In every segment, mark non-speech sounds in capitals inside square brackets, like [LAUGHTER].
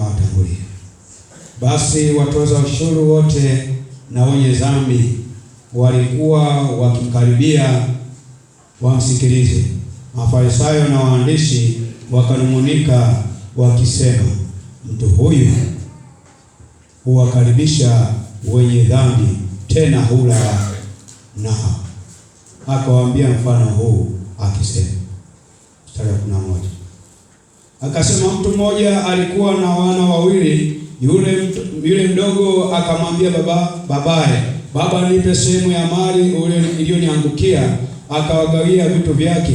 hawatangulia. Basi watoza ushuru wote na wenye dhambi walikuwa wakimkaribia wamsikilize. Mafarisayo na waandishi wakanung'unika wakisema, mtu huyu huwakaribisha wenye dhambi, tena hula nao. Akawaambia mfano huu akisema, mstari wa kumi na moja Akasema mtu mmoja alikuwa na wana wawili, yule yule mdogo akamwambia baba babaye, baba, nipe sehemu ya mali iliyoniangukia. Akawagawia vitu vyake.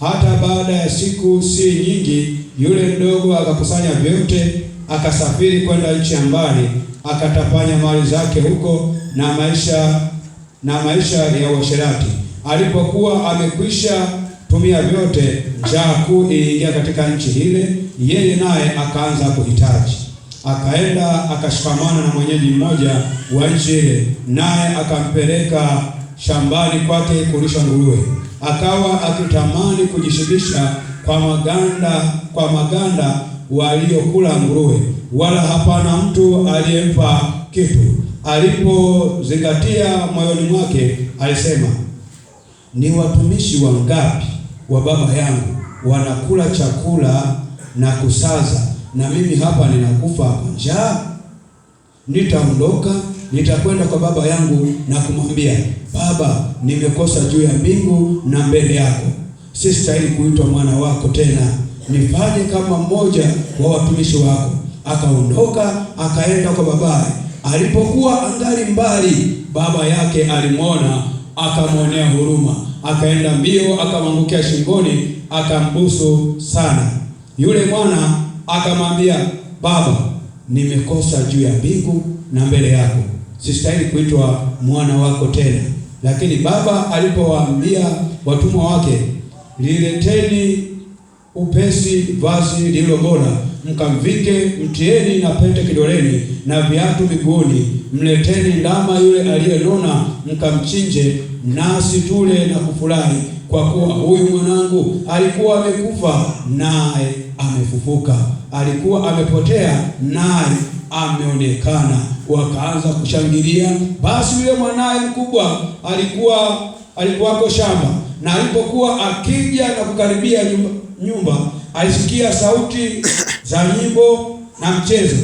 Hata baada ya siku si nyingi, yule mdogo akakusanya vyote, akasafiri kwenda nchi ya mbali, akatapanya mali zake huko na maisha na maisha ya uasherati. Alipokuwa amekwisha tumia vyote, njaa kuu iliingia katika nchi ile, yeye naye akaanza kuhitaji. Akaenda akashikamana na mwenyeji mmoja wa nchi ile, naye akampeleka shambani kwake kulisha nguruwe. Akawa akitamani kujishibisha kwa maganda, kwa maganda waliokula nguruwe, wala hapana mtu aliyempa kitu. Alipozingatia moyoni mwake, alisema ni watumishi wangapi wa baba yangu wanakula chakula na kusaza, na mimi hapa ninakufa hapa njaa. Nitaondoka, nitakwenda kwa baba yangu na kumwambia, Baba, nimekosa juu ya mbingu na mbele yako, si stahili kuitwa mwana wako tena, nifanye kama mmoja wa watumishi wako. Akaondoka akaenda kwa babaye. Alipokuwa angali mbali, baba yake alimwona, akamwonea huruma akaenda mbio, akamwangukia shingoni, akambusu sana. Yule mwana akamwambia, Baba, nimekosa juu ya mbingu na mbele yako, sistahili kuitwa mwana wako tena. Lakini baba alipowaambia watumwa wake, lileteni upesi vazi lililo bora mkamvike, mtieni na pete kidoleni na viatu miguuni. Mleteni ndama yule aliyenona, mkamchinje, nasi tule na kufurahi, kwa kuwa huyu mwanangu alikuwa amekufa, naye amefufuka; alikuwa amepotea, naye ameonekana. Wakaanza kushangilia. Basi yule mwanaye mkubwa alikuwa alikuwako shamba, na alipokuwa akija na kukaribia nyumba, nyumba alisikia sauti za nyimbo na mchezo.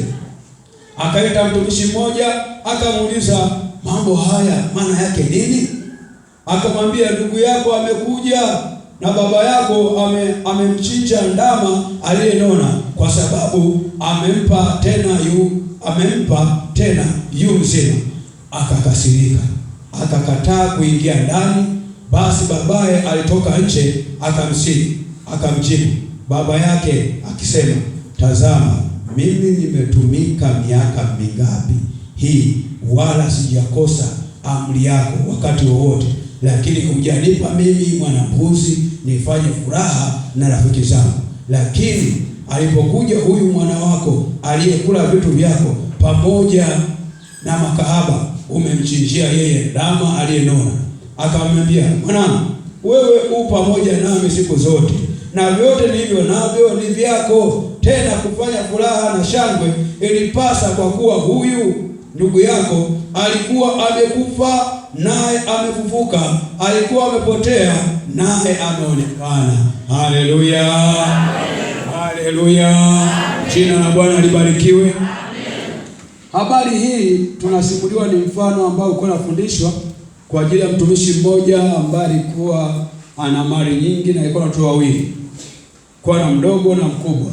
Akaita mtumishi mmoja akamuuliza, mambo haya maana yake nini? Akamwambia, ndugu yako amekuja na baba yako ame, ndama aliyenona kwa sababu amempa tena yu amempa tena yu mzima. Akakasirika, akakataa kuingia ndani. Basi babaye alitoka nje akamsihi, akamjibu baba yake akisema tazama, mimi nimetumika miaka mingapi hii, wala sijakosa amri yako wakati wowote, lakini hujanipa mimi mwanambuzi nifanye furaha na rafiki zangu. Lakini alipokuja huyu mwana wako aliyekula vitu vyako pamoja na makahaba, umemchinjia yeye ndama aliyenona. Akamwambia, mwanangu, wewe u pamoja nami siku zote na vyote nilivyo navyo ni vyako tena kufanya furaha na shangwe ilipasa, kwa kuwa huyu ndugu yako alikuwa amekufa naye amefufuka, alikuwa amepotea naye ameonekana. Haleluya, haleluya! Jina la Bwana libarikiwe. Amen. Habari hii tunasimuliwa ni mfano ambao uko nafundishwa kwa ajili ya mtumishi mmoja ambaye alikuwa ana mali nyingi na alikuwa na watoto wawili, kwa na mdogo na mkubwa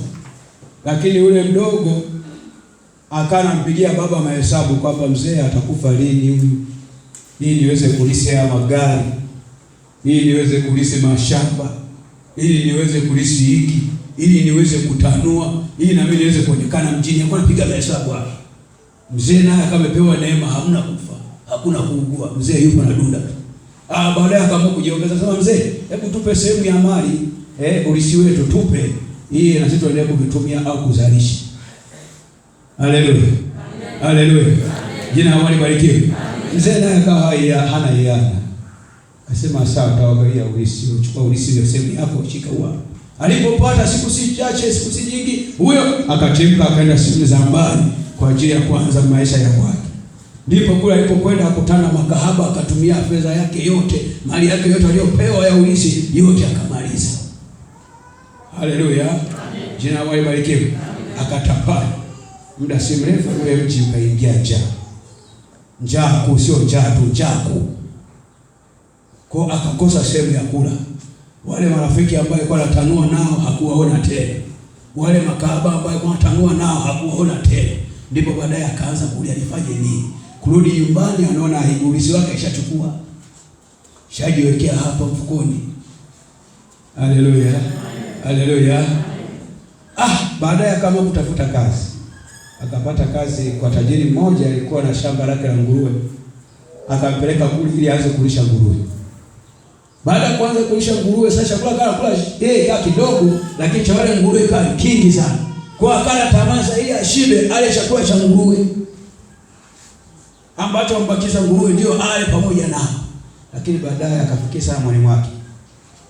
lakini yule mdogo akawa anampigia baba mahesabu kwamba mzee atakufa lini huyu, ili niweze kulisi haya magari, ili niweze kulisi mashamba, ili niweze kulisi hiki, ili niweze kutanua, ili nami niweze kuonekana mjini. Alikuwa anapiga mahesabu hapo. Mzee naye akamepewa neema, hamna kufa, hakuna kuugua, mzee yupo na dunda. Ah, baadaye akaamua kujiongeza, sema mzee, hebu tupe sehemu ya mali eh, urisi wetu tupe hii na sisi tuendelee kuvitumia au kuzalisha. Haleluya, haleluya, jina la Bwana libarikiwe. Mzee naye akawa hana hiana, akasema sawa, tawagaia ulisi, uchukua ulisi ile sehemu yako, shika huwa. Alipopata siku si chache, siku si nyingi, huyo akatimka akaenda sehemu za mbali kwa ajili ya kuanza maisha ya kwake. Ndipo kule alipokwenda akutana makahaba, akatumia fedha yake yote, mali yake yote aliyopewa ya ulisi yote aka Haleluya, jina la Bwana libarikiwe. Akatambaa muda si mrefu, ule mji ukaingia njaa, njaa kuu, sio njaa tu, njaa kuu, kwa akakosa sehemu ya kula. Wale marafiki ambao alikuwa anatanua nao hakuwaona tena, wale makahaba ambao alikuwa anatanua nao hakuwaona tena. Ndipo baadaye akaanza kulia, nifanye nini? Kurudi nyumbani, anaona higulizi wake ishachukua, shajiwekea hapa mfukoni. Haleluya. Haleluya. Ah, baadaye akaamua kutafuta kazi, akapata kazi kwa tajiri mmoja, alikuwa na shamba lake la nguruwe, akampeleka kule ili aanze kulisha nguruwe. Baada ya kuanza kulisha nguruwe, sasa chakula kala kula yeye kaa kidogo, lakini cha wale nguruwe kaa kingi sana, kwa akala tamaa ili ashibe ale chakula cha nguruwe ambacho ambakiza nguruwe ndio ale pamoja na, lakini baadaye akafikia sana mwalimu wake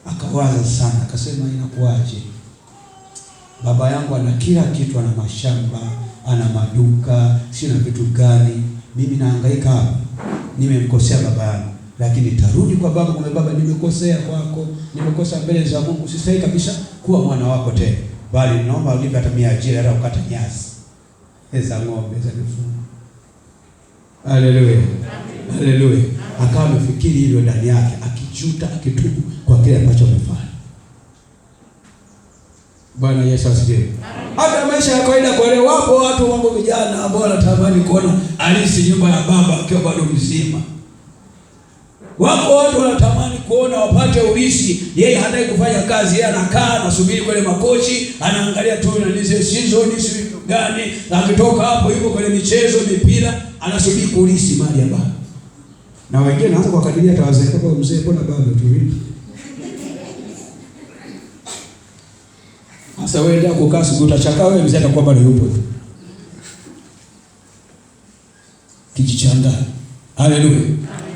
akawaza sana, akasema inakuwaje? Baba yangu ana kila kitu, ana mashamba, ana maduka, sina vitu gani? Mimi naangaika hapa, nimemkosea baba yangu, lakini tarudi kwa baba, Kwa baba, nimekosea kwako, nimekosa mbele za Mungu, sistahili kabisa kuwa mwana wako tena, bali naomba unipe hata mia ajira, hata ukata nyasi za ng'ombe za mifugo. Haleluya, haleluya! Akawa amefikiri hilo ndani yake akijuta, akitubu kwa kile ambacho amefanya. Bwana Yesu asifiwe. Hata maisha ya kawaida kwa leo, wapo watu wangu vijana ambao wanatamani kuona alisi nyumba ya baba akiwa bado mzima. Wapo watu wanatamani kuona wapate urisi. yeye hataki kufanya kazi, yeye anakaa anasubiri kwenye makochi, anaangalia tu na nizi season si gani, akitoka hapo yuko kwenye michezo, mipira, anasubiri kurisi mali ya baba na wengine naanza kuwakadiria tawazeeka kwa mzee, mbona bado tu sasa. Wewe ndio kukaa siku utachakaa wewe, mzee atakuwa bado yupo kijichanga. Haleluya!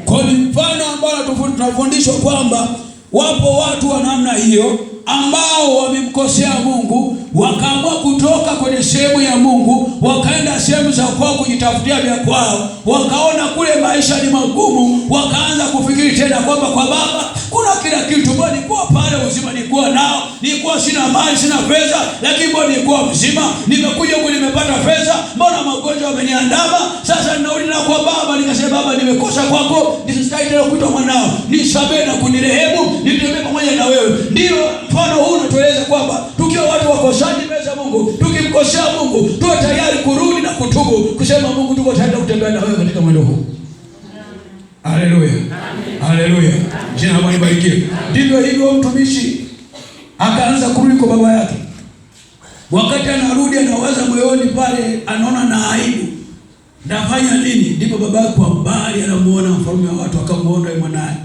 Kwa ni mfano ambao tunafundishwa kwamba wapo watu wa namna hiyo ambao wamemkosea Mungu, wakaamua kutoka kwenye sehemu ya Mungu waka sehemu za kwao kujitafutia vya kwao, wakaona kule maisha ni magumu, wakaanza kufikiri tena kwamba kwa baba kuna kila kitu, mbona nilikuwa pale uzima nilikuwa nao, nilikuwa sina mali sina pesa, lakini mbona nilikuwa mzima, nimekuja huku nimepata pesa, mbona magonjwa yameniandama? Sasa ninarudi na kwa baba, nikasema baba, nimekosa kwako, nisistahili tena kuitwa mwanao, nisamehe na kunirehemu, nitembee pamoja na wewe. Ndio mfano huu unatueleza kwamba tukiwa watu wakosaji mbele za Mungu, tukimkosea Mungu tuwe tayari kusema Mungu tuko tayari kutembea na wewe katika mwendo huu. Haleluya. Haleluya. Jina la Bwana libarikiwe. Ndivyo hivyo mtumishi akaanza kurudi kwa baba yake. Wakati anarudi anawaza moyoni pale, anaona na aibu. Nafanya nini? Ndipo baba yake kwa mbali anamuona mfalme wa watu akamuona yeye mwanaye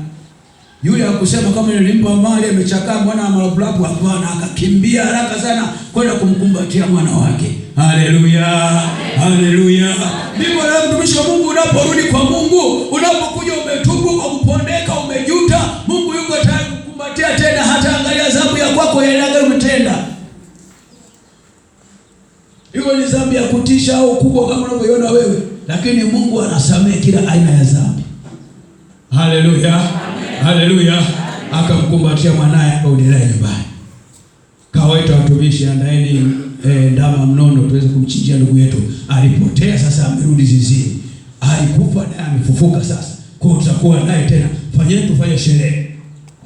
Yule Akusema kama nilimpa mali amechakaa mwana wa malabu, hapana, akakimbia haraka sana kwenda kumkumbatia mwana wake. Haleluya, haleluya. Ndipo na mtumishi wa Mungu, unaporudi kwa Mungu, unapokuja umetubu kwa kupondeka, umejuta, Mungu yuko tayari kukumbatia tena, hata angalia dhambi ya kwako yanaga umetenda hiyo ni dhambi ya kutisha au kubwa kama unavyoiona wewe, lakini Mungu anasamehe kila aina ya dhambi. Haleluya, haleluya. Akamkumbatia mwanaye, akaendelea nyumbani, kawaita watumishi, andaeni eh, ndama mnono tuweze kumchinjia ndugu yetu. Alipotea sasa, amerudi zizini, alikufa naye amefufuka sasa, kwa tutakuwa naye tena. Fanyeni tufanye sherehe.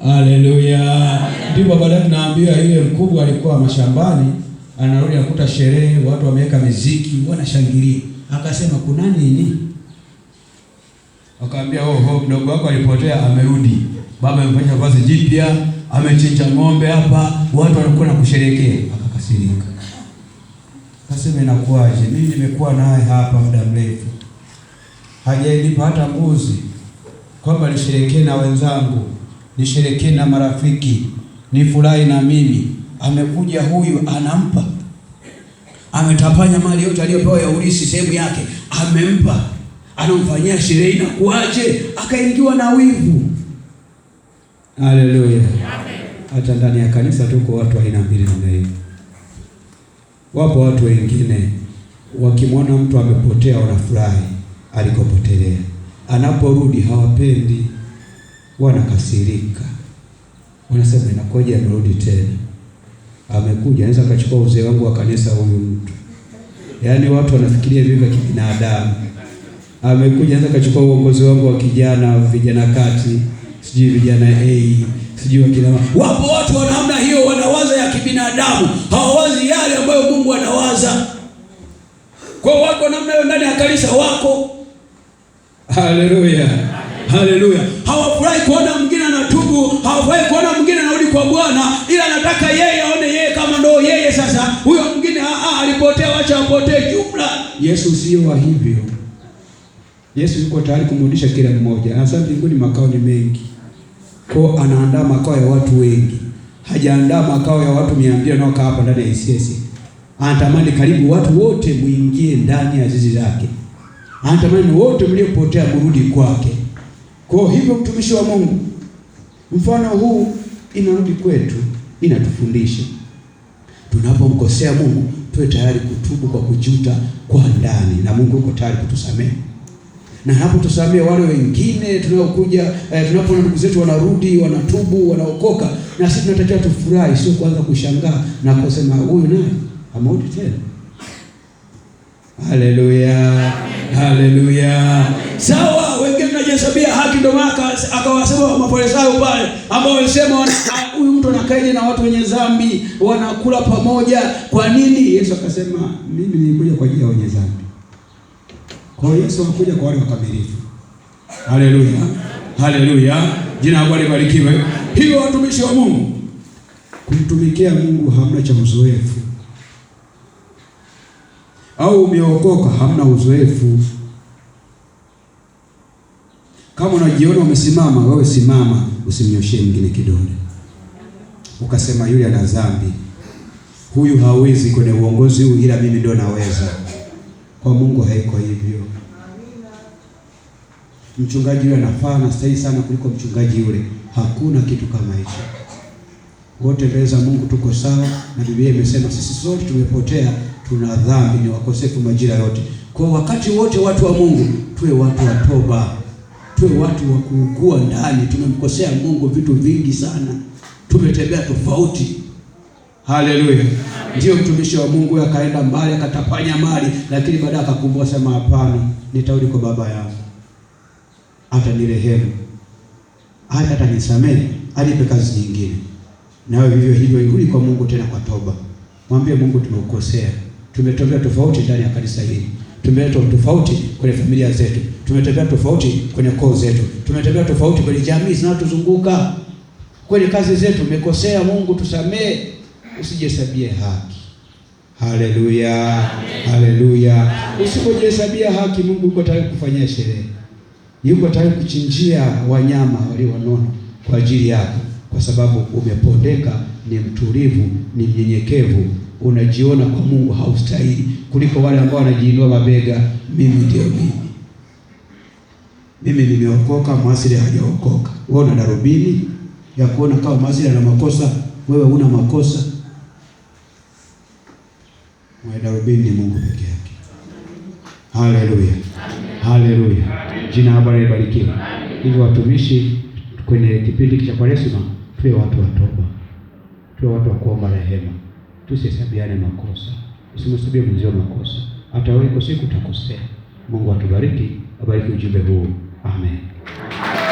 Haleluya! Ndipo baadaye tunaambiwa yule mkubwa alikuwa mashambani, anarudi akuta sherehe, watu wameweka miziki, wanashangilia. Akasema kuna nini? Wakaambia oho, oh, mdogo wako alipotea, amerudi. Baba amefanya vazi jipya, amechinja ng'ombe hapa, watu wanakuwa na kusherekea. Akakasirika. Nasema inakuwaje? Mimi nimekuwa naye hapa muda mrefu, hajailipa hata mbuzi, kwamba nisherekee na wenzangu, nisherekee na marafiki, nifurahi na mimi. Amekuja huyu anampa, ametapanya mali yote aliyopewa ya urithi, sehemu yake amempa, anamfanyia sherehe. Inakuwaje akaingiwa na wivu? Haleluya! Hata ndani ya kanisa tuko watu aina mbili namna hiyo. Wapo watu wengine wakimwona mtu amepotea wanafurahi alikopotelea, anaporudi hawapendi, wanakasirika, wanasema inakoje amerudi tena? Amekuja anaweza akachukua uzee wangu wa kanisa huyu mtu. Yaani watu wanafikiria vitu vya kibinadamu. Amekuja anaweza kachukua uongozi wangu wa kijana, vijana kati, sijui vijana A, sijui wakina. Wapo watu wa namna hiyo wanawaza ya kibinadamu hawa ambayo Mungu anawaza kwa wako namna hiyo ndani ya kanisa wako. Haleluya, haleluya. Hawafurahi kuona mwingine anatubu, hawafurahi kuona mwingine anarudi kwa Bwana, ila anataka yeye aone yeye kama ndio yeye. Sasa huyo mwingine ah, ah, alipotea, acha apotee jumla. Yesu sio wa hivyo. Yesu yuko tayari kumrudisha kila mmoja, na sababu mbinguni makao ni mengi, kwa anaandaa makao ya watu wengi, hajaandaa makao ya watu 200 mbili wanaokaa hapa ndani ya anatamani karibu watu wote muingie ndani ya zizi lake, anatamani wote mliopotea murudi kwake. Kwa hivyo, mtumishi wa Mungu, mfano huu inarudi kwetu, inatufundisha tunapomkosea Mungu tuwe tayari kutubu kwa kujuta kwa ndani, na Mungu yuko tayari kutusamehe na hapo tusamee wale wengine tunaokuja eh, tunapoona ndugu zetu wanarudi wanatubu wanaokoka, na sisi tunatakiwa tufurahi, sio kuanza kushangaa na kusema huyu naye amerudi tena. Haleluya, haleluya. Sawa, wengine tunajihesabia haki, ndio maana akawasema Mafarisayo pale ambao walisema [COUGHS] huyu mtu anakaidi na watu wenye dhambi wanakula pamoja, kwa nini? Yesu akasema mimi nilikuja kwa ajili ya wenye dhambi. Kwa hiyo Yesu anakuja kwa wale wakamilifu. Haleluya, haleluya, jina la libarikiwe. Hivyo watumishi wa Mungu, kumtumikia Mungu hamna cha mzoefu au umeokoka, hamna uzoefu. Kama unajiona umesimama, wewe simama, usimnyoshee mwingine kidole ukasema yule ana dhambi, huyu hawezi kwenye uongozi huu, ila mimi ndio naweza. Kwa Mungu haiko hivyo. Mchungaji yule anafaa na stahili sana kuliko mchungaji yule. Hakuna kitu kama hicho wote mbele za Mungu tuko sawa, na Biblia imesema sisi sote tumepotea, tuna dhambi, ni wakosefu majira yote. Kwa wakati wote, watu wa Mungu tuwe watu wa toba, tuwe watu wa kuugua ndani. Tumemkosea Mungu vitu vingi sana, tumetembea tofauti. Haleluya! ndio mtumishi wa Mungu akaenda mbali, akatapanya mali, lakini baadaye akakumbua, sema hapana, nitarudi kwa baba yangu, atanirehemu, hata atanisamehe, alipe kazi nyingine nawe vivyo hivyo irudi kwa Mungu tena kwa toba. Mwambie Mungu, tumeukosea, tumetembea tofauti ndani ya kanisa hili, tumetembea tofauti kwenye familia zetu, tumetembea tofauti kwenye koo zetu, tumetembea tofauti kwenye jamii zinazotuzunguka, kwenye kazi zetu. tumekosea. Mungu, tusamee, usijihesabie haki. Haleluya, haleluya! Usipojihesabia haki, Mungu yuko tayari kufanyia sherehe, yuko tayari kuchinjia wanyama walio wanono kwa ajili yako kwa sababu umepondeka, ni mtulivu, ni mnyenyekevu, unajiona kwa Mungu haustahili kuliko wale ambao wanajiinua mabega, mimi ndio mimi, mimi nimeokoka, mwasiri hajaokoka. Wewe una darubini ya kuona kama Mhasili ana makosa, wewe una makosa? Mwenye darubini ni Mungu peke yake. Haleluya, haleluya, jina la Bwana libarikiwe. Hivyo watumishi, kwenye kipindi cha Kwaresima tuwe watu wa toba, tuwe watu wa kuomba rehema, tusihesabiane makosa, usimhesabie mwenzio makosa. Hata wewe siku utakosea. Mungu atubariki, abariki ujumbe huu, amen.